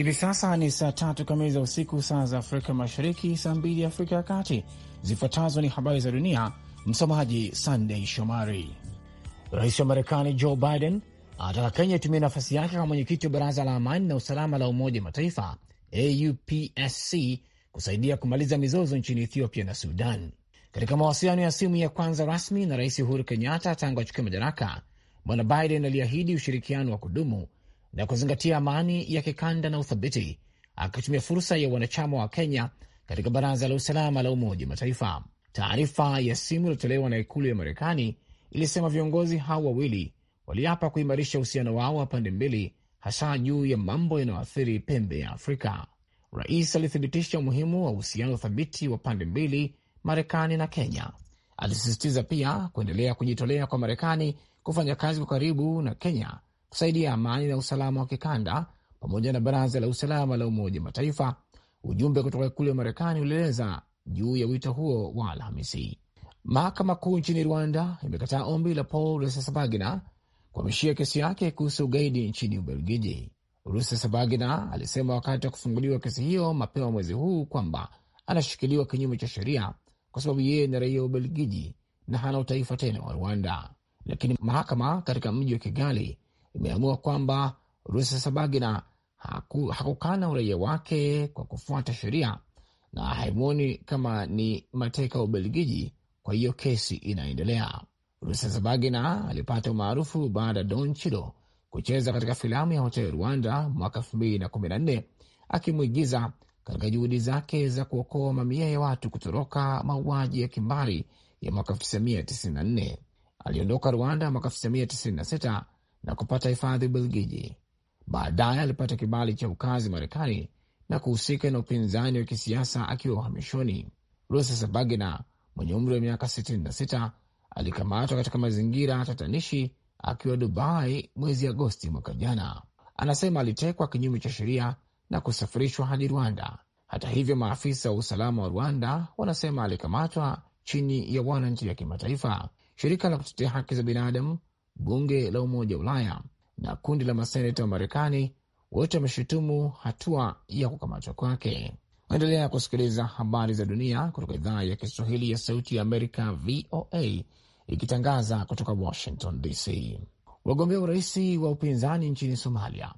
Hivi sasa ni saa tatu kamili za usiku, saa za Afrika Mashariki, saa mbili Afrika ya Kati. Zifuatazo ni habari za dunia, msomaji Sandey Shomari. Rais wa Marekani Joe Biden anataka Kenya itumie nafasi yake kama mwenyekiti wa Baraza la Amani na Usalama la Umoja wa Mataifa AUPSC kusaidia kumaliza mizozo nchini Ethiopia na Sudan. Katika mawasiliano ya simu ya kwanza rasmi na Rais Uhuru Kenyatta tangu achukue madaraka, Bwana Biden aliahidi ushirikiano wa kudumu na kuzingatia amani ya kikanda na uthabiti, akitumia fursa ya wanachama wa Kenya katika Baraza la Usalama la Umoja Mataifa. Taarifa ya simu iliyotolewa na Ikulu ya Marekani ilisema viongozi hao wawili waliapa kuimarisha uhusiano wao wa pande mbili, hasa juu ya mambo yanayoathiri pembe ya Afrika. Rais alithibitisha umuhimu wa uhusiano thabiti wa pande mbili, Marekani na Kenya. Alisisitiza pia kuendelea kujitolea kwa Marekani kufanya kazi kwa karibu na Kenya kusaidia amani na usalama wa kikanda pamoja na baraza la usalama la Umoja Mataifa. Ujumbe kutoka ikulu ya Marekani ulieleza juu ya wito huo wa Alhamisi. Mahakama Kuu nchini Rwanda imekataa ombi la Paul Rusesabagina kuhamishia kesi yake kuhusu ugaidi nchini Ubelgiji. Rusesabagina alisema wakati wa kufunguliwa kesi hiyo mapema mwezi huu kwamba anashikiliwa kinyume cha sheria kwa sababu yeye ni raia wa Ubelgiji na hana utaifa tena wa Rwanda, lakini mahakama katika mji wa Kigali imeamua kwamba Rusesabagina hakukana uraia wake kwa kufuata sheria na haimwoni kama ni mateka wa Ubelgiji. Kwa hiyo kesi inaendelea. Rusesabagina alipata umaarufu baada ya Don Chilo kucheza katika filamu ya Hotel Rwanda mwaka 2014 akimwigiza katika juhudi zake za kuokoa mamia ya watu kutoroka mauaji ya kimbari ya mwaka 1994. Aliondoka Rwanda mwaka 1996 na kupata hifadhi Ubelgiji. Baadaye alipata kibali cha ukazi Marekani na kuhusika na upinzani wa kisiasa akiwa uhamishoni. Rusesabagina mwenye umri wa miaka 66 alikamatwa katika mazingira tatanishi akiwa Dubai mwezi Agosti mwaka jana. Anasema alitekwa kinyume cha sheria na kusafirishwa hadi Rwanda. Hata hivyo, maafisa wa usalama wa Rwanda wanasema alikamatwa chini ya waranti ya kimataifa. Shirika la kutetea haki za binadamu bunge la Umoja wa Ulaya na kundi la maseneta wa Marekani wote wameshutumu hatua ya kukamatwa kwake. Endelea kusikiliza habari za dunia kutoka idhaa ya Kiswahili ya Sauti ya Amerika, VOA, ikitangaza kutoka Washington DC. Wagombea urais wa upinzani nchini Somalia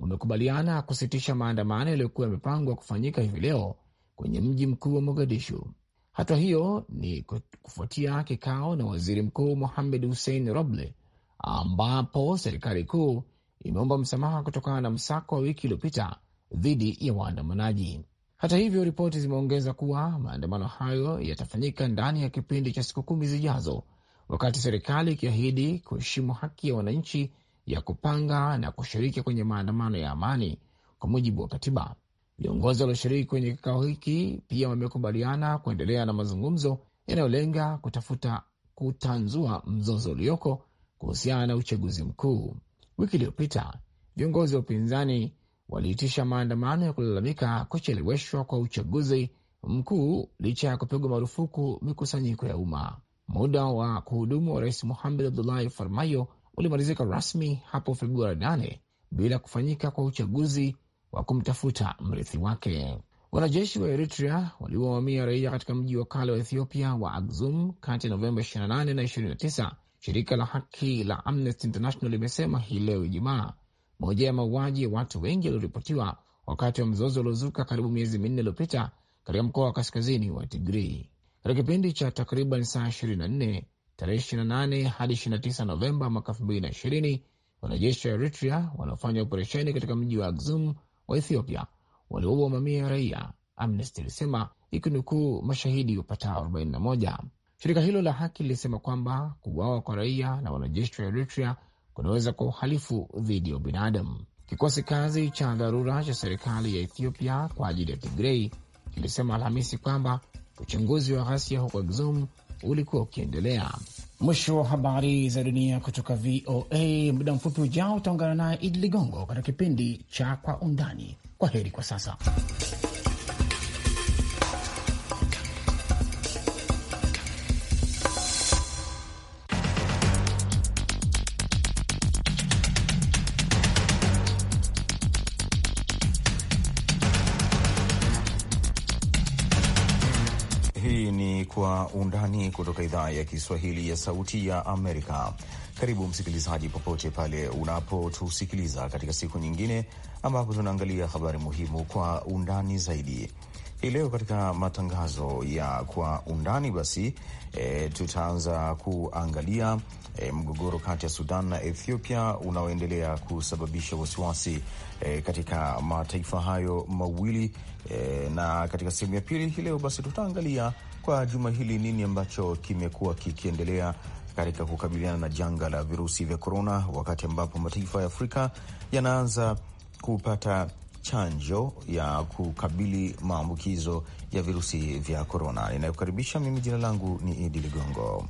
wamekubaliana kusitisha maandamano yaliyokuwa yamepangwa kufanyika hivi leo kwenye mji mkuu wa Mogadishu. Hatua hiyo ni kufuatia kikao na waziri mkuu Mohamed Hussein Roble ambapo serikali kuu imeomba msamaha kutokana na msako wa wiki iliyopita dhidi ya waandamanaji. Hata hivyo, ripoti zimeongeza kuwa maandamano hayo yatafanyika ndani ya kipindi cha siku kumi zijazo, wakati serikali ikiahidi kuheshimu haki ya wananchi ya kupanga na kushiriki kwenye maandamano ya amani kwa mujibu wa katiba. Viongozi walioshiriki kwenye kikao hiki pia wamekubaliana kuendelea na mazungumzo yanayolenga kutafuta kutanzua mzozo ulioko kuhusiana na uchaguzi mkuu. Wiki iliyopita viongozi wa upinzani waliitisha maandamano ya kulalamika kucheleweshwa kwa uchaguzi mkuu licha ya kupigwa marufuku mikusanyiko ya umma. Muda wa kuhudumu wa rais muhamed Abdullahi Farmayo ulimalizika rasmi hapo Februari 8 bila kufanyika kwa uchaguzi wa kumtafuta mrithi wake. Wanajeshi wa Eritrea waliowavamia raia katika mji wa kale wa Ethiopia wa Akzum kati ya Novemba 28 na 29 Shirika la haki la Amnesty International limesema hii leo Ijumaa moja ya mauaji ya watu wengi walioripotiwa wakati wa mzozo uliozuka karibu miezi minne iliyopita katika mkoa wa kaskazini wa Tigrei. Katika kipindi cha takriban saa 24 tarehe 28 hadi 29 Novemba mwaka 2020 wanajeshi wa Eritrea wanaofanya operesheni katika mji wa Axum wa Ethiopia waliwaua mamia ya raia, Amnesty ilisema ikinukuu mashahidi wapatao 41. Shirika hilo la haki lilisema kwamba kuuawa kwa raia na wanajeshi wa Eritrea kunaweza kwa uhalifu dhidi ya ubinadamu. Kikosi kazi cha dharura cha serikali ya Ethiopia kwa ajili ya Tigrei kilisema Alhamisi kwamba uchunguzi wa ghasia huko Axum ulikuwa ukiendelea. Mwisho wa habari za dunia kutoka VOA. Muda mfupi ujao utaungana naye Idi Ligongo katika kipindi cha Kwa Undani. Kwa heri kwa sasa. Undani kutoka idhaa ya Kiswahili ya Sauti ya Amerika. Karibu msikilizaji, popote pale unapotusikiliza katika siku nyingine ambapo tunaangalia habari muhimu kwa undani zaidi. Hii leo katika matangazo ya kwa undani basi, e, tutaanza kuangalia e, mgogoro kati ya Sudan na Ethiopia unaoendelea kusababisha wasiwasi e, katika mataifa hayo mawili e, na katika sehemu ya pili hii leo basi tutaangalia kwa juma hili, nini ambacho kimekuwa kikiendelea katika kukabiliana na janga la virusi vya korona, wakati ambapo mataifa ya Afrika yanaanza kupata chanjo ya kukabili maambukizo ya virusi vya korona. Ninayokaribisha mimi, jina langu ni Idi Ligongo.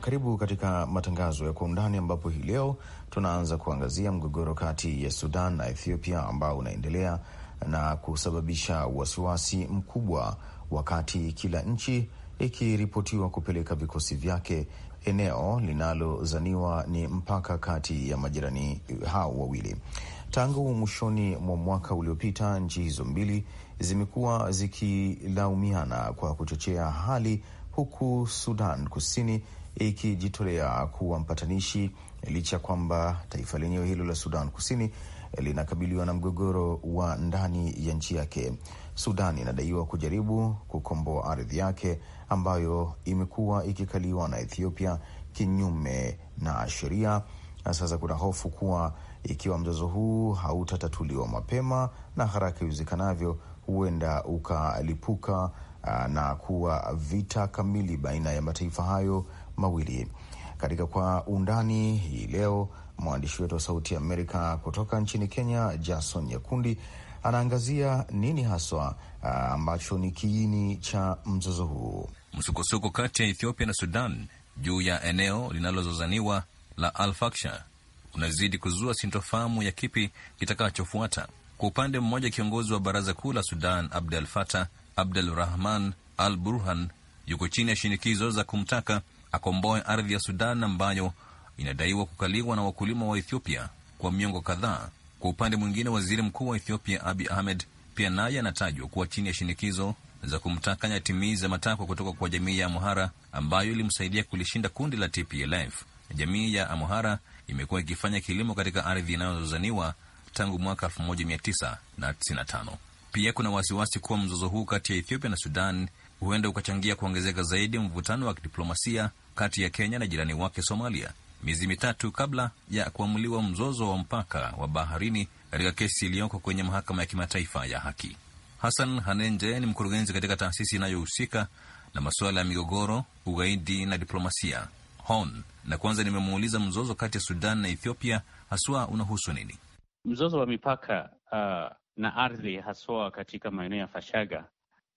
karibu katika matangazo ya kwa undani, ambapo hii leo tunaanza kuangazia mgogoro kati ya Sudan na Ethiopia ambao unaendelea na kusababisha wasiwasi mkubwa, wakati kila nchi ikiripotiwa kupeleka vikosi vyake eneo linalozaniwa ni mpaka kati ya majirani hao wawili. Tangu mwishoni mwa mwaka uliopita, nchi hizo mbili zimekuwa zikilaumiana kwa kuchochea hali, huku Sudan Kusini ikijitolea kuwa mpatanishi licha ya kwamba taifa lenyewe hilo la Sudan Kusini linakabiliwa na mgogoro wa ndani ya nchi yake. Sudan inadaiwa kujaribu kukomboa ardhi yake ambayo imekuwa ikikaliwa na Ethiopia kinyume na sheria, na sasa kuna hofu kuwa ikiwa mzozo huu hautatatuliwa mapema na haraka iwezekanavyo, huenda ukalipuka na kuwa vita kamili baina ya mataifa hayo mawili. Katika Kwa Undani hii leo, mwandishi wetu wa Sauti ya Amerika kutoka nchini Kenya, Jason Nyakundi, anaangazia nini haswa ah, ambacho ni kiini cha mzozo huu, msukosuko kati ya Ethiopia na Sudan juu ya eneo linalozozaniwa la alfaksha unazidi kuzua sintofahamu ya kipi kitakachofuata. Kwa upande mmoja, kiongozi wa baraza kuu la Sudan Abdel Fatah Abdel Rahman Al Burhan yuko chini ya shinikizo za kumtaka akomboe ardhi ya Sudan ambayo inadaiwa kukaliwa na wakulima wa Ethiopia kwa miongo kadhaa. Kwa upande mwingine, waziri mkuu wa Ethiopia Abi Ahmed pia naye anatajwa kuwa chini ya shinikizo za kumtaka yatimize matakwa kutoka kwa jamii ya Amhara ambayo ilimsaidia kulishinda kundi la TPLF. Jamii ya Amhara imekuwa ikifanya kilimo katika ardhi inayozozaniwa tangu mwaka 1995. Pia kuna wasiwasi kuwa mzozo huu kati ya Ethiopia na Sudan huenda ukachangia kuongezeka zaidi mvutano wa kidiplomasia kati ya Kenya na jirani wake Somalia, miezi mitatu kabla ya kuamuliwa mzozo wa mpaka wa baharini katika kesi iliyoko kwenye mahakama ya kimataifa ya haki. Hassan Hanenje ni mkurugenzi katika taasisi inayohusika na masuala ya migogoro, ugaidi na diplomasia HORN, na kwanza nimemuuliza mzozo kati ya Sudan na Ethiopia haswa unahusu nini? Mzozo wa mipaka uh, na ardhi haswa katika maeneo ya Fashaga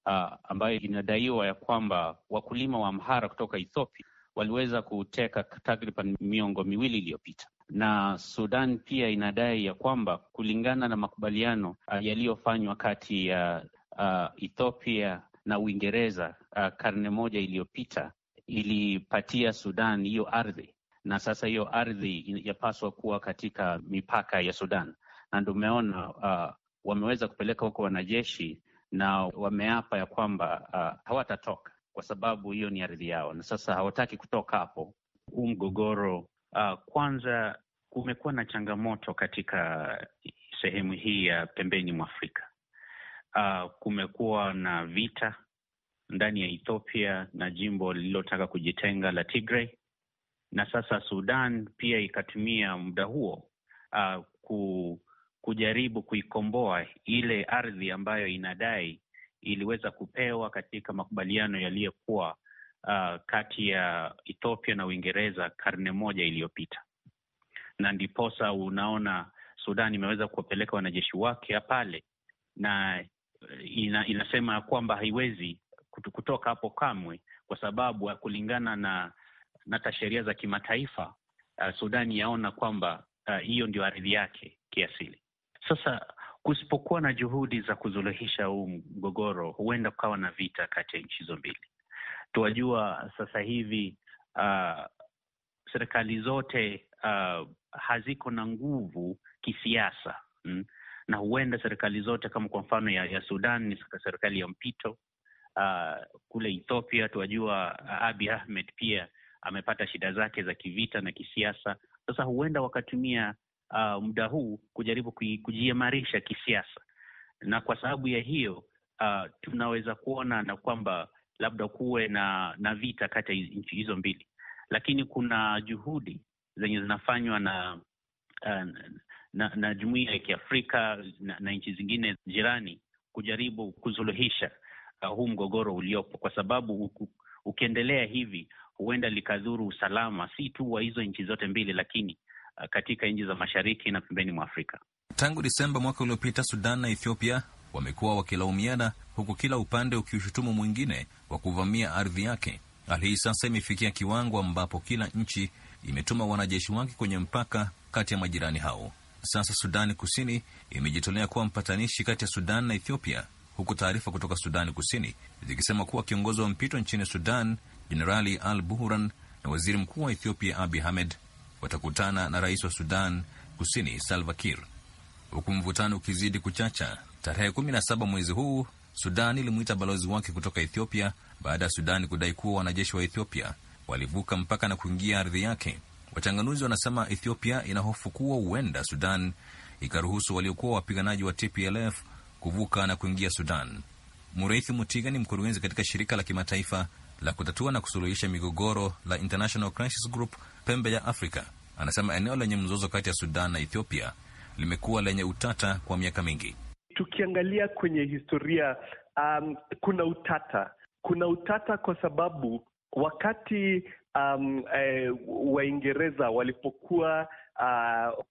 uh, ambayo inadaiwa ya kwamba wakulima wa Amhara kutoka Ethiopia waliweza kuteka takriban miongo miwili iliyopita na Sudan pia inadai ya kwamba kulingana na makubaliano uh, yaliyofanywa kati ya uh, Ethiopia na Uingereza uh, karne moja iliyopita ilipatia Sudan hiyo ardhi, na sasa hiyo ardhi yapaswa kuwa katika mipaka ya Sudan, na ndio umeona uh, wameweza kupeleka huko wanajeshi na wameapa ya kwamba uh, hawatatoka kwa sababu hiyo ni ardhi yao, na sasa hawataki kutoka hapo. Huu mgogoro uh, kwanza, kumekuwa na changamoto katika sehemu hii ya pembeni mwa Afrika. Uh, kumekuwa na vita ndani ya Ethiopia na jimbo lililotaka kujitenga la Tigray, na sasa Sudan pia ikatumia muda huo uh, kujaribu kuikomboa ile ardhi ambayo inadai iliweza kupewa katika makubaliano yaliyokuwa uh, kati ya Ethiopia na Uingereza karne moja iliyopita, na ndiposa unaona Sudan imeweza kuwapeleka wanajeshi wake pale na uh, ina, inasema kwamba haiwezi kutoka hapo kamwe, kwa sababu kulingana na hata sheria za kimataifa uh, Sudani yaona kwamba uh, hiyo uh, ndio ardhi yake kiasili. Sasa kusipokuwa na juhudi za kuzuluhisha huu mgogoro, huenda kukawa na vita kati ya nchi hizo mbili. Tuwajua sasa hivi uh, serikali zote uh, haziko na nguvu kisiasa mm, na huenda serikali zote kama kwa mfano ya, ya Sudan ni serikali ya mpito. Uh, kule Ethiopia tuwajua uh, Abiy Ahmed pia amepata shida zake za kivita na kisiasa. Sasa huenda wakatumia uh, muda huu kujaribu kujiimarisha kisiasa, na kwa sababu ya hiyo uh, tunaweza kuona na kwamba labda kuwe na na vita kati ya nchi hizo mbili, lakini kuna juhudi zenye zinafanywa na uh, na, na jumuiya ya Kiafrika na, na nchi zingine jirani kujaribu kusuluhisha uh, huu mgogoro uliopo, kwa sababu ukiendelea hivi huenda likadhuru usalama si tu wa hizo nchi zote mbili, lakini Uh, katika nchi za mashariki na pembeni mwa Afrika. Tangu Disemba mwaka uliopita, Sudan na Ethiopia wamekuwa wakilaumiana, huku kila upande ukiushutumu mwingine wa kuvamia ardhi yake. Hali hii sasa imefikia kiwango ambapo kila nchi imetuma wanajeshi wake kwenye mpaka kati ya majirani hao. Sasa Sudani Kusini imejitolea kuwa mpatanishi kati ya Sudan na Ethiopia, huku taarifa kutoka Sudani Kusini zikisema kuwa kiongozi wa mpito nchini Sudan Jenerali Al Buhuran na waziri mkuu wa Ethiopia Abi Ahmed watakutana na rais wa Sudan Kusini Salva Kiir. Huku mvutano ukizidi kuchacha, tarehe 17 mwezi huu Sudan ilimuita balozi wake kutoka Ethiopia baada ya Sudan kudai kuwa wanajeshi wa Ethiopia walivuka mpaka na kuingia ardhi yake. Wachanganuzi wanasema Ethiopia ina hofu kuwa huenda Sudan ikaruhusu waliokuwa wapiganaji wa TPLF kuvuka na kuingia Sudan. Mureithi Mutiga ni mkurugenzi katika shirika la kimataifa la kutatua na kusuluhisha migogoro la International Crisis Group pembe ya Afrika anasema eneo lenye mzozo kati ya Sudan na Ethiopia limekuwa lenye utata kwa miaka mingi. Tukiangalia kwenye historia, um, kuna utata, kuna utata kwa sababu wakati um, e, Waingereza walipokuwa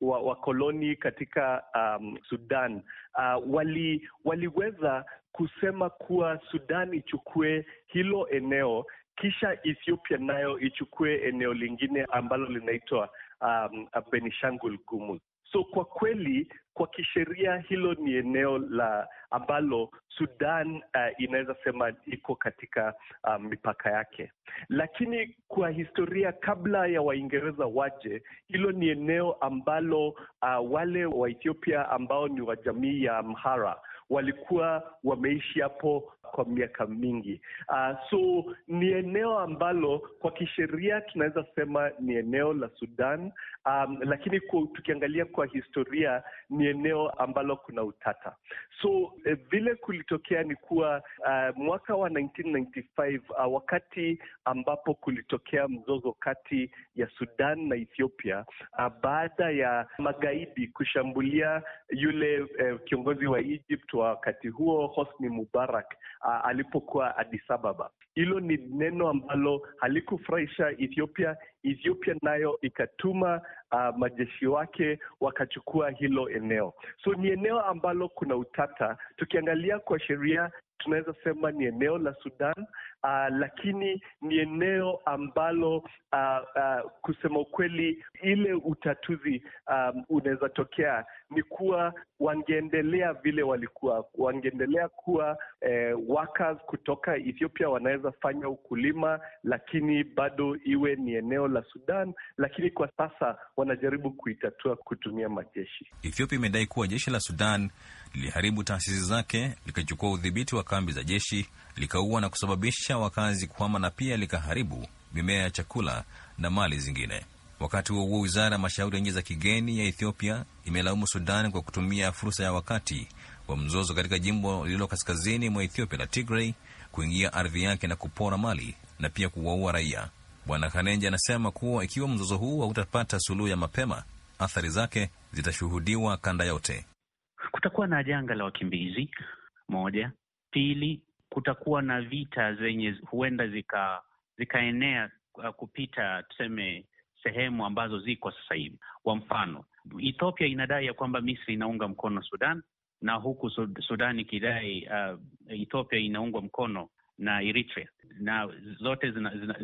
uh, wakoloni wa katika um, Sudan uh, wali, waliweza kusema kuwa Sudan ichukue hilo eneo kisha Ethiopia nayo ichukue eneo lingine ambalo linaitwa um, Benishangul Gumuz. So kwa kweli kwa kisheria hilo ni eneo la ambalo Sudan uh, inaweza sema iko katika um, mipaka yake, lakini kwa historia kabla ya Waingereza waje, hilo ni eneo ambalo uh, wale wa Ethiopia ambao ni wa jamii ya Amhara walikuwa wameishi hapo kwa miaka mingi. Uh, so ni eneo ambalo kwa kisheria tunaweza sema ni eneo la Sudan, um, lakini kwa, tukiangalia kwa historia ni eneo ambalo kuna utata. So eh, vile kulitokea ni kuwa uh, mwaka wa 1995 uh, wakati ambapo kulitokea mzozo kati ya Sudan na Ethiopia uh, baada ya magaidi kushambulia yule eh, kiongozi wa Egypt wa wakati huo Hosni Mubarak uh, alipokuwa Addis Ababa. Hilo ni neno ambalo halikufurahisha Ethiopia. Ethiopia nayo ikatuma uh, majeshi wake wakachukua hilo eneo. So ni eneo ambalo kuna utata. Tukiangalia kwa sheria tunaweza sema ni eneo la Sudan uh, lakini ni eneo ambalo uh, uh, kusema ukweli ile utatuzi um, unaweza tokea ni kuwa wangeendelea vile walikuwa, wangeendelea kuwa eh, workers kutoka Ethiopia wanaweza fanya ukulima, lakini bado iwe ni eneo la Sudan, lakini kwa sasa wanajaribu kuitatua kutumia majeshi. Ethiopia imedai kuwa jeshi la Sudan liliharibu taasisi zake likachukua udhibiti wa kambi za jeshi likaua na kusababisha wakazi kuhama na pia likaharibu mimea ya chakula na mali zingine. Wakati huo huo, wizara ya mashauri ya nchi za kigeni ya Ethiopia imelaumu Sudan kwa kutumia fursa ya wakati wa mzozo katika jimbo lililo kaskazini mwa Ethiopia la Tigray kuingia ardhi yake na kupora mali na pia kuwaua raia. Bwana Khanenje anasema kuwa ikiwa mzozo huu hautapata suluhu ya mapema, athari zake zitashuhudiwa kanda yote. Kutakuwa na janga la wakimbizi moja. Pili, kutakuwa na vita zenye huenda zika, zikaenea uh, kupita tuseme sehemu ambazo ziko sasa hivi. Kwa mfano, Ethiopia inadai ya kwamba Misri inaunga mkono Sudan na huku Sudan ikidai uh, Ethiopia inaungwa mkono na Eritrea na zote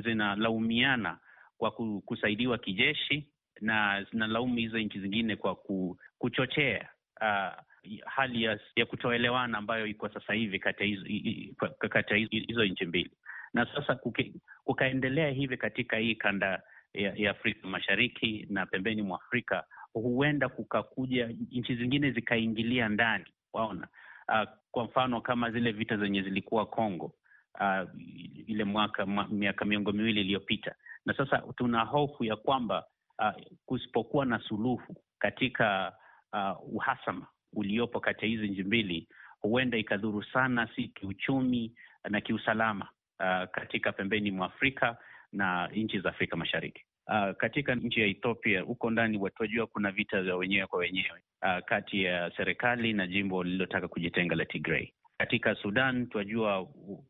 zinalaumiana zina, zina kwa kusaidiwa kijeshi na zinalaumu hizo nchi zingine kwa kuchochea uh, hali ya, ya kutoelewana ambayo iko sasa hivi kati ya hizo nchi mbili, na sasa kuke, kukaendelea hivi katika hii kanda ya, ya Afrika Mashariki na pembeni mwa Afrika, huenda kukakuja nchi zingine zikaingilia ndani, waona uh, kwa mfano kama zile vita zenye zilikuwa Kongo uh, ile mwaka miaka miongo miwili iliyopita, na sasa tuna hofu ya kwamba uh, kusipokuwa na suluhu katika uh, uhasama uliopo kati ya hizi nchi mbili huenda ikadhuru sana, si kiuchumi na kiusalama uh, katika pembeni mwa Afrika na nchi za Afrika Mashariki. Uh, katika nchi ya Ethiopia huko ndani watajua kuna vita vya wenyewe kwa wenyewe uh, kati ya serikali na jimbo lililotaka kujitenga la Tigray. Katika Sudan tunajua uh,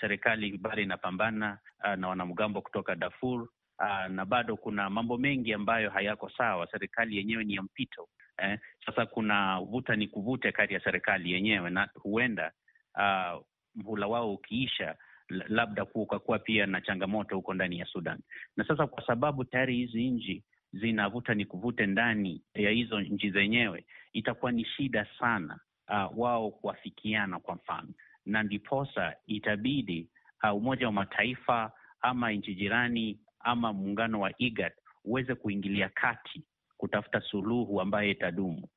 serikali bado inapambana uh, na wanamgambo kutoka Darfur uh, na bado kuna mambo mengi ambayo hayako sawa. Serikali yenyewe ni ya mpito eh, sasa kuna vuta ni kuvute kati ya serikali yenyewe na huenda uh, mhula wao ukiisha labda kukakuwa pia na changamoto huko ndani ya Sudan. Na sasa kwa sababu tayari hizi nchi zinavuta ni kuvute ndani ya hizo nchi zenyewe, itakuwa ni shida sana uh, wao kuafikiana kwa mfano, na ndiposa itabidi uh, Umoja wa Mataifa ama nchi jirani ama muungano wa IGAD uweze kuingilia kati kutafuta suluhu ambayo itadumu,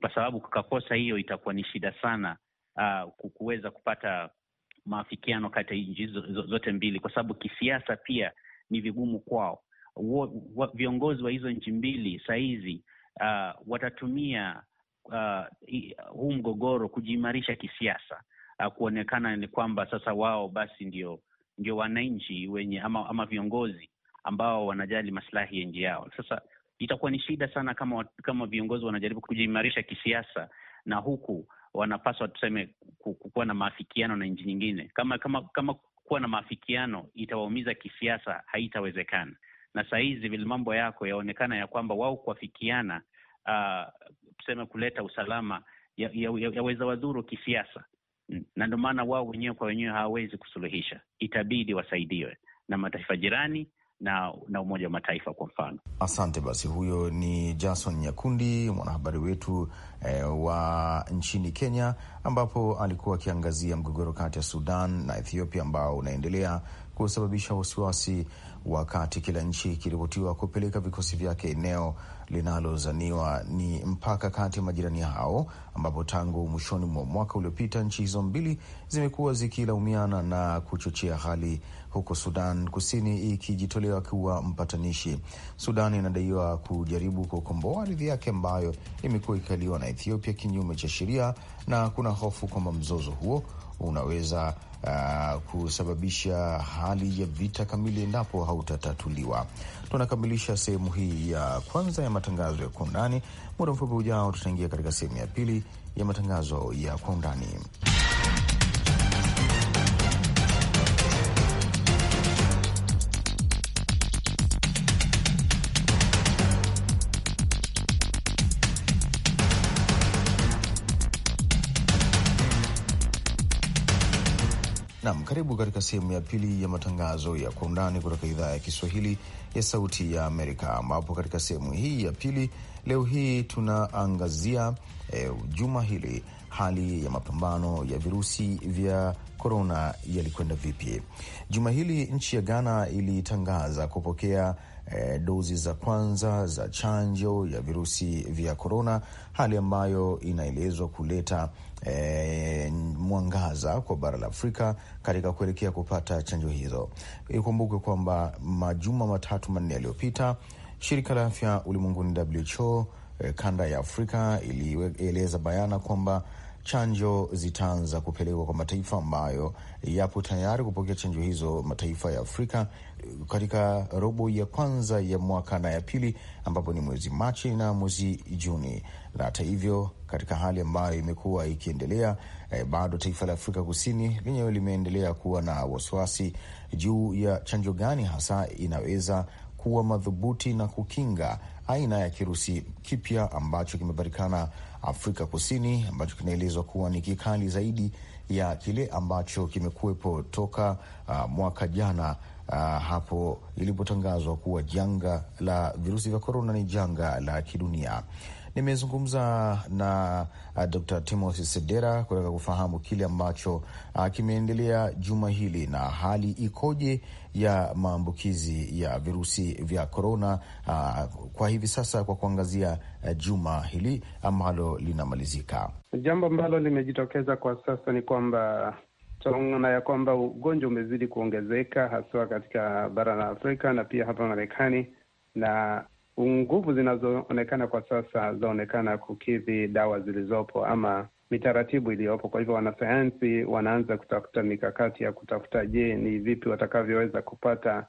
kwa sababu kukakosa hiyo itakuwa ni shida sana uh, kuweza kupata maafikiano kati ya nchi zote mbili, kwa sababu kisiasa pia ni vigumu kwao. Viongozi wa hizo nchi mbili sahizi uh, ah, watatumia uh, huu mgogoro kujiimarisha kisiasa uh, kuonekana ni kwamba sasa wao basi ndio ndio wananchi wenye ama, ama viongozi ambao wanajali masilahi ya nchi yao. Sasa itakuwa ni shida sana kama kama viongozi wanajaribu kujiimarisha kisiasa na huku wanapaswa tuseme kuwa na maafikiano na nchi nyingine. Kama kama kama kuwa na maafikiano itawaumiza kisiasa, haitawezekana. Na sahizi vile mambo yako yaonekana ya kwamba wao kuafikiana, uh, tuseme kuleta usalama yaweza ya, ya wadhuru kisiasa, na ndio maana wao wenyewe kwa wenyewe hawawezi kusuluhisha, itabidi wasaidiwe na mataifa jirani na, na Umoja wa Mataifa kwa mfano. Asante basi, huyo ni Jason Nyakundi, mwanahabari wetu eh, wa nchini Kenya, ambapo alikuwa akiangazia mgogoro kati ya Sudan na Ethiopia ambao unaendelea kusababisha wasiwasi, wakati kila nchi ikiripotiwa kupeleka vikosi vyake eneo linalozaniwa ni mpaka kati ya majirani hao, ambapo tangu mwishoni mwa mwaka uliopita nchi hizo mbili zimekuwa zikilaumiana na kuchochea hali, huko Sudan Kusini ikijitolewa kuwa mpatanishi. Sudan inadaiwa kujaribu kukomboa ardhi yake ambayo imekuwa ikikaliwa na Ethiopia kinyume cha sheria, na kuna hofu kwamba mzozo huo unaweza uh, kusababisha hali ya vita kamili endapo hautatatuliwa. Tunakamilisha sehemu hii ya kwanza ya matangazo ya kwa undani. Muda mfupi ujao, tutaingia katika sehemu ya pili ya matangazo ya kwa undani. Karibu katika sehemu ya pili ya matangazo ya kwa undani kutoka idhaa ya Kiswahili ya Sauti ya Amerika, ambapo katika sehemu hii ya pili leo hii tunaangazia eh, juma hili hali ya mapambano ya virusi vya korona yalikwenda vipi? Juma hili nchi ya Ghana ilitangaza kupokea e, dozi za kwanza za chanjo ya virusi vya korona, hali ambayo inaelezwa kuleta e, mwangaza kwa bara la Afrika katika kuelekea kupata chanjo hizo. Ikumbuke kwamba majuma matatu manne yaliyopita shirika la afya ulimwenguni WHO e, eh, kanda ya Afrika ilieleza bayana kwamba chanjo zitaanza kupelekwa kwa mataifa ambayo yapo tayari kupokea chanjo hizo, mataifa ya Afrika katika robo ya kwanza ya mwaka na ya pili, ambapo ni mwezi Machi na mwezi Juni. Na hata hivyo, katika hali ambayo imekuwa ikiendelea eh, bado taifa la Afrika Kusini lenyewe limeendelea kuwa na wasiwasi juu ya chanjo gani hasa inaweza kuwa madhubuti na kukinga aina ya kirusi kipya ambacho kimepatikana Afrika Kusini, ambacho kinaelezwa kuwa ni kikali zaidi ya kile ambacho kimekuwepo toka uh, mwaka jana uh, hapo ilipotangazwa kuwa janga la virusi vya korona ni janga la kidunia. Nimezungumza na uh, Dr. Timothy Sedera kutaka kufahamu kile ambacho uh, kimeendelea juma hili na hali ikoje ya maambukizi ya virusi vya korona uh, kwa hivi sasa, kwa kuangazia uh, juma hili ambalo linamalizika. Jambo ambalo limejitokeza kwa sasa ni kwamba tunaona ya kwamba ugonjwa umezidi kuongezeka haswa katika bara la Afrika na pia hapa Marekani, na nguvu zinazoonekana kwa sasa zaonekana kukidhi dawa zilizopo ama mitaratibu iliyopo. Kwa hivyo wanasayansi wanaanza kutafuta mikakati ya kutafuta, je, ni vipi watakavyoweza kupata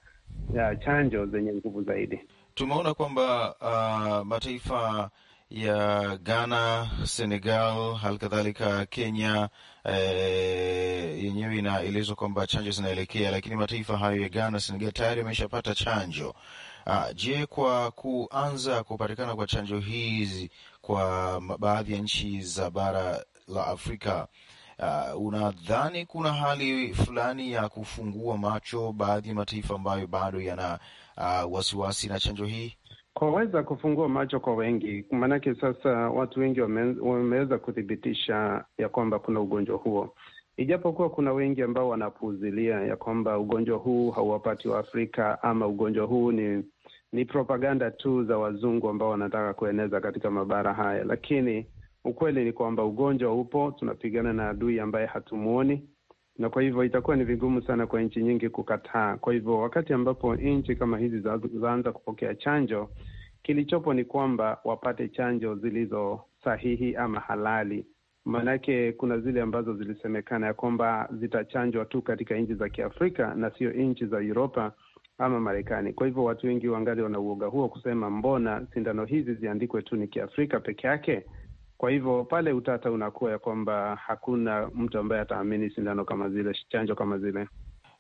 uh, chanjo zenye nguvu zaidi. Tumeona kwamba uh, mataifa ya Ghana, Senegal, hali kadhalika Kenya eh, yenyewe inaelezwa kwamba chanjo zinaelekea, lakini mataifa hayo ya Ghana, Senegal tayari yameshapata chanjo. Ah, je, kwa kuanza kupatikana kwa chanjo hizi kwa baadhi ya nchi za bara la Afrika Uh, unadhani kuna hali fulani ya kufungua macho baadhi ya mataifa ambayo bado yana uh, wasiwasi na chanjo hii? kwaweza kufungua macho kwa wengi, maanake sasa watu wengi wameweza kuthibitisha ya kwamba kuna ugonjwa huo, ijapokuwa kuna wengi ambao wanapuuzilia ya kwamba ugonjwa huu hauwapati wa Afrika ama ugonjwa huu ni ni propaganda tu za wazungu ambao wanataka kueneza katika mabara haya, lakini ukweli ni kwamba ugonjwa upo, tunapigana na adui ambaye hatumuoni na kwa hivyo itakuwa ni vigumu sana kwa nchi nyingi kukataa. Kwa hivyo wakati ambapo nchi kama hizi zaanza kupokea chanjo, kilichopo ni kwamba wapate chanjo zilizo sahihi ama halali. Maanake kuna zile ambazo zilisemekana ya kwamba zitachanjwa tu katika nchi za Kiafrika na sio nchi za Uropa ama Marekani. Kwa hivyo watu wengi wangali wana uoga huo kusema, mbona sindano hizi ziandikwe tu ni Kiafrika peke yake? Kwa hivyo pale utata unakuwa ya kwamba hakuna mtu ambaye ataamini sindano kama zile, chanjo kama zile.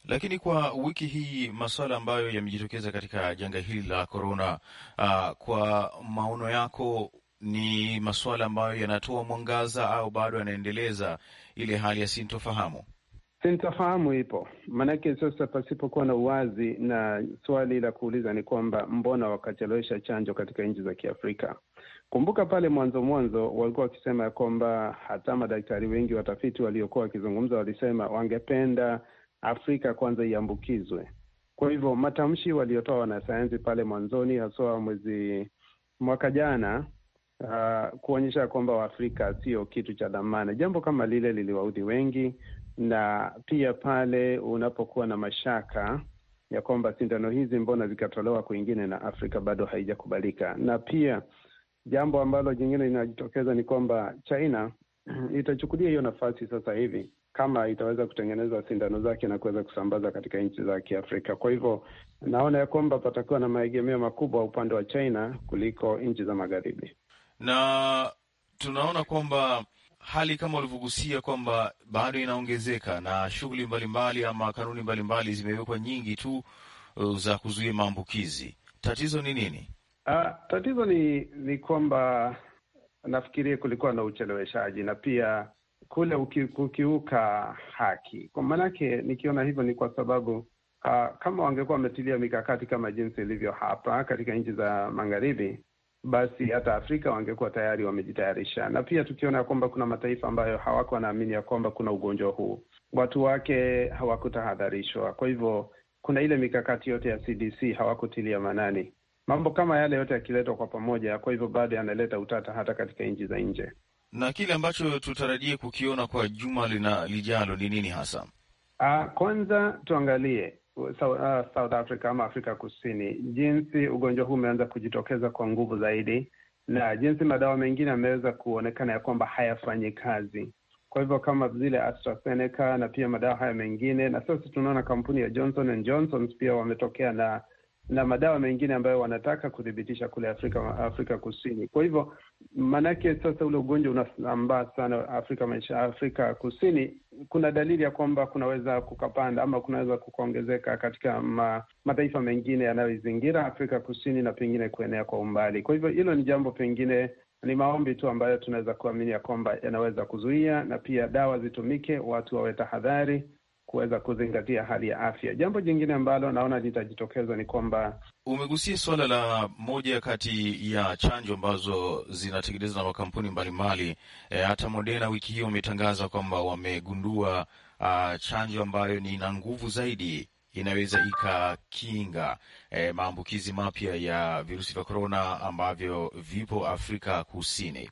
Lakini kwa wiki hii masuala ambayo yamejitokeza katika janga hili la korona, uh, ah, kwa maono yako ni masuala ambayo yanatoa mwangaza au bado yanaendeleza ile hali ya sintofahamu? Sintofahamu ipo, maanake sasa pasipokuwa na uwazi, na swali la kuuliza ni kwamba mbona wakachelewesha chanjo katika nchi za Kiafrika? Kumbuka pale mwanzo mwanzo walikuwa wakisema ya kwamba hata madaktari wengi watafiti waliokuwa wakizungumza walisema wangependa Afrika kwanza iambukizwe. Kwa hivyo matamshi waliotoa wanasayansi pale mwanzoni, haswa mwezi mwaka jana, uh, kuonyesha kwamba Waafrika sio kitu cha dhamana, jambo kama lile liliwaudhi wengi, na pia pale unapokuwa na mashaka ya kwamba sindano hizi mbona zikatolewa kwingine na Afrika bado haijakubalika, na pia Jambo ambalo jingine linajitokeza ni kwamba China itachukulia hiyo nafasi sasa hivi kama itaweza kutengeneza sindano zake na kuweza kusambaza katika nchi za Kiafrika. Kwa hivyo naona ya kwamba patakuwa na maegemeo makubwa upande wa China kuliko nchi za magharibi, na tunaona kwamba hali kama ulivyogusia kwamba bado inaongezeka na shughuli mbalimbali ama kanuni mbalimbali zimewekwa nyingi tu uh, za kuzuia maambukizi. Tatizo ni nini? Uh, tatizo ni ni kwamba nafikiri kulikuwa na ucheleweshaji na pia kule uki, kukiuka haki. Kwa maanake nikiona hivyo ni kwa sababu uh, kama wangekuwa wametilia mikakati kama jinsi ilivyo hapa katika nchi za magharibi, basi hata Afrika wangekuwa tayari wamejitayarisha. Na pia tukiona kwamba kuna mataifa ambayo hawako wanaamini ya kwamba kuna ugonjwa huu, watu wake hawakutahadharishwa. Kwa hivyo kuna ile mikakati yote ya CDC hawakutilia manani Mambo kama yale yote yakiletwa kwa pamoja, kwa hivyo bado yanaleta utata hata katika nchi za nje. Na kile ambacho tutarajie kukiona kwa juma lina lijalo ni nini hasa? Aa, ah, kwanza tuangalie uh, uh, South Africa ama Afrika Kusini, jinsi ugonjwa huu umeanza kujitokeza kwa nguvu zaidi na jinsi madawa mengine yameweza kuonekana ya kwamba hayafanyi kazi, kwa hivyo kama zile AstraZeneca na pia madawa haya mengine, na sasa tunaona kampuni ya Johnson and Johnson pia wametokea na na madawa mengine ambayo wanataka kudhibitisha kule Afrika, Afrika Kusini. Kwa hivyo maanake sasa ule ugonjwa unasambaa sana Afrika maisha Afrika Kusini, kuna dalili ya kwamba kunaweza kukapanda ama kunaweza kukaongezeka katika ma, mataifa mengine yanayoizingira Afrika Kusini na pengine kuenea kwa umbali. Kwa hivyo hilo ni jambo pengine ni maombi tu ambayo tunaweza kuamini ya kwamba yanaweza kuzuia, na pia dawa zitumike, watu wawe tahadhari, kuweza kuzingatia hali ya afya. Jambo jingine ambalo naona litajitokeza ni kwamba umegusia suala la moja kati ya chanjo ambazo zinatengenezwa na makampuni mbalimbali. E, hata Moderna wiki hiyo wametangaza kwamba wamegundua uh, chanjo ambayo ni na nguvu zaidi inaweza ikakinga e, maambukizi mapya ya virusi vya korona ambavyo vipo Afrika Kusini.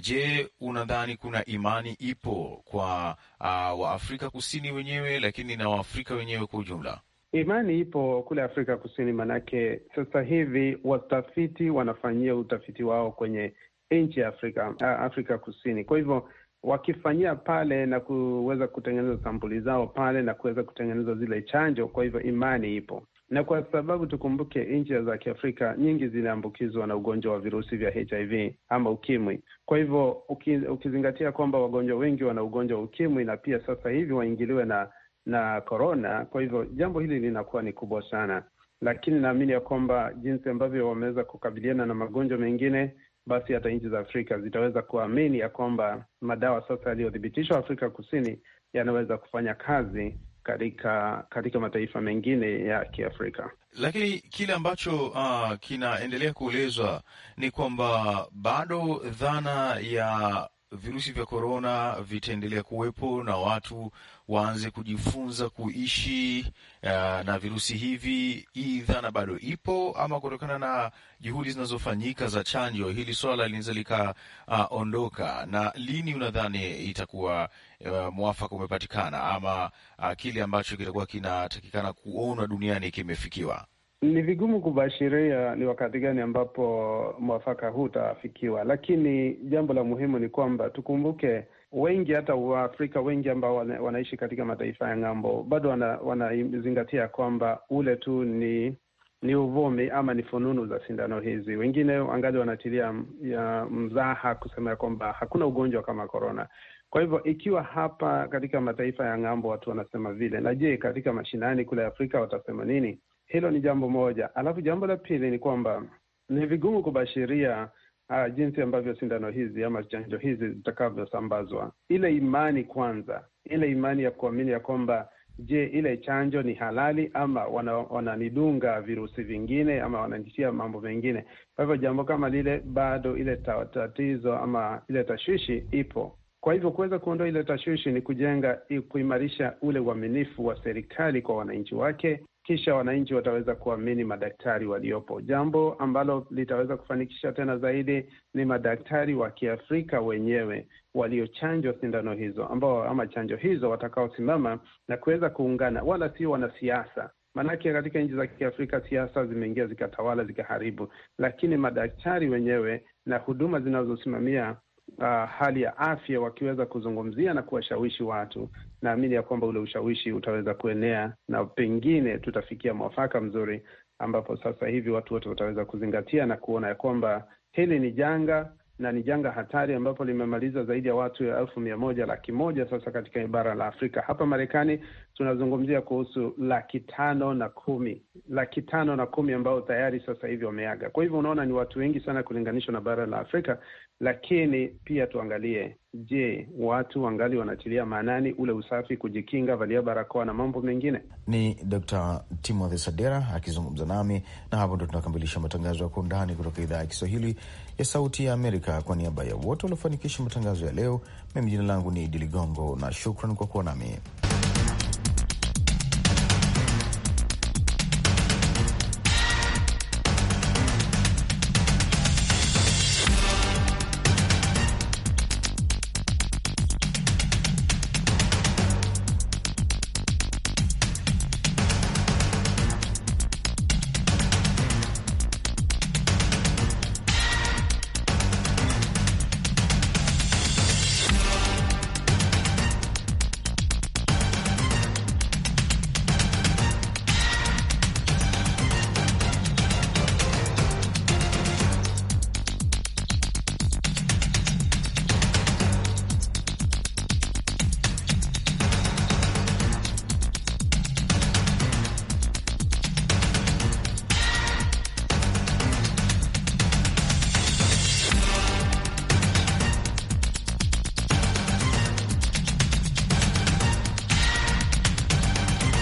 Je, unadhani kuna imani ipo kwa ah, Waafrika Kusini wenyewe lakini na Waafrika wenyewe kwa ujumla? Imani ipo kule Afrika Kusini, manake sasa hivi watafiti wanafanyia utafiti wao kwenye nchi ya Afrika, ah, Afrika Kusini. Kwa hivyo wakifanyia pale na kuweza kutengeneza sampuli zao pale na kuweza kutengeneza zile chanjo. Kwa hivyo imani ipo, na kwa sababu tukumbuke, nchi za Kiafrika nyingi zinaambukizwa na ugonjwa wa virusi vya HIV ama ukimwi. Kwa hivyo uki, ukizingatia kwamba wagonjwa wengi wana ugonjwa wa ukimwi na pia sasa hivi waingiliwe na na korona, kwa hivyo jambo hili linakuwa ni kubwa sana, lakini naamini ya kwamba jinsi ambavyo wameweza kukabiliana na magonjwa mengine basi hata nchi za Afrika zitaweza kuamini ya kwamba madawa sasa yaliyothibitishwa Afrika Kusini yanaweza kufanya kazi katika katika mataifa mengine ya Kiafrika. Lakini kile ambacho uh, kinaendelea kuelezwa ni kwamba bado dhana ya virusi vya korona vitaendelea kuwepo na watu waanze kujifunza kuishi uh, na virusi hivi, hii dhana bado ipo ama kutokana na juhudi zinazofanyika za chanjo, hili swala linaweza likaondoka? Uh, na lini unadhani itakuwa uh, mwafaka umepatikana ama uh, kile ambacho kitakuwa kinatakikana kuonwa duniani kimefikiwa? Ni vigumu kubashiria ni wakati gani ambapo mwafaka huu utaafikiwa, lakini jambo la muhimu ni kwamba tukumbuke, wengi hata Waafrika wengi ambao wana, wanaishi katika mataifa ya ng'ambo bado wanazingatia wana kwamba ule tu ni ni uvumi ama ni fununu za sindano hizi. Wengine angali wanatilia ya mzaha kusema ya kwamba hakuna ugonjwa kama korona. Kwa hivyo ikiwa hapa katika mataifa ya ng'ambo watu wanasema vile, na je, katika mashinani kule Afrika watasema nini? Hilo ni jambo moja. Alafu jambo la pili ni kwamba ni vigumu kubashiria uh, jinsi ambavyo sindano hizi ama chanjo hizi zitakavyosambazwa. Ile imani kwanza, ile imani ya kuamini ya kwamba je, ile chanjo ni halali ama wananidunga wana virusi vingine ama wananitia mambo mengine. Kwa hivyo jambo kama lile bado, ile tatizo ama ile tashwishi ipo. Kwa hivyo kuweza kuondoa ile tashwishi ni kujenga, kuimarisha ule uaminifu wa serikali kwa wananchi wake kisha wananchi wataweza kuamini madaktari waliopo, jambo ambalo litaweza kufanikisha tena zaidi ni madaktari wa Kiafrika wenyewe waliochanjwa sindano hizo, ambao ama chanjo hizo watakaosimama na kuweza kuungana, wala sio wanasiasa. Maanake katika nchi za Kiafrika siasa zimeingia zikatawala, zikaharibu, lakini madaktari wenyewe na huduma zinazosimamia uh, hali ya afya wakiweza kuzungumzia na kuwashawishi watu, naamini ya kwamba ule ushawishi utaweza kuenea na pengine tutafikia mwafaka mzuri, ambapo sasa hivi watu wote wataweza kuzingatia na kuona ya kwamba hili ni janga na ni janga hatari ambapo limemaliza zaidi ya watu ya elfu mia moja laki moja sasa katika bara la Afrika. Hapa Marekani tunazungumzia kuhusu laki tano na kumi laki tano na kumi ambao tayari sasa hivi wameaga. Kwa hivyo unaona ni watu wengi sana kulinganishwa na bara la Afrika, lakini pia tuangalie, je, watu wangali wanatilia maanani ule usafi, kujikinga, valia barakoa na mambo mengine? Ni Dr. Timothy Sadera akizungumza nami, na hapo ndo tunakamilisha matangazo ya Kwa Undani kutoka idhaa ya Kiswahili ya Sauti ya Amerika. Kwa niaba ya wote waliofanikisha matangazo ya leo, mimi jina langu ni Idi Ligongo na shukran kwa kuwa nami.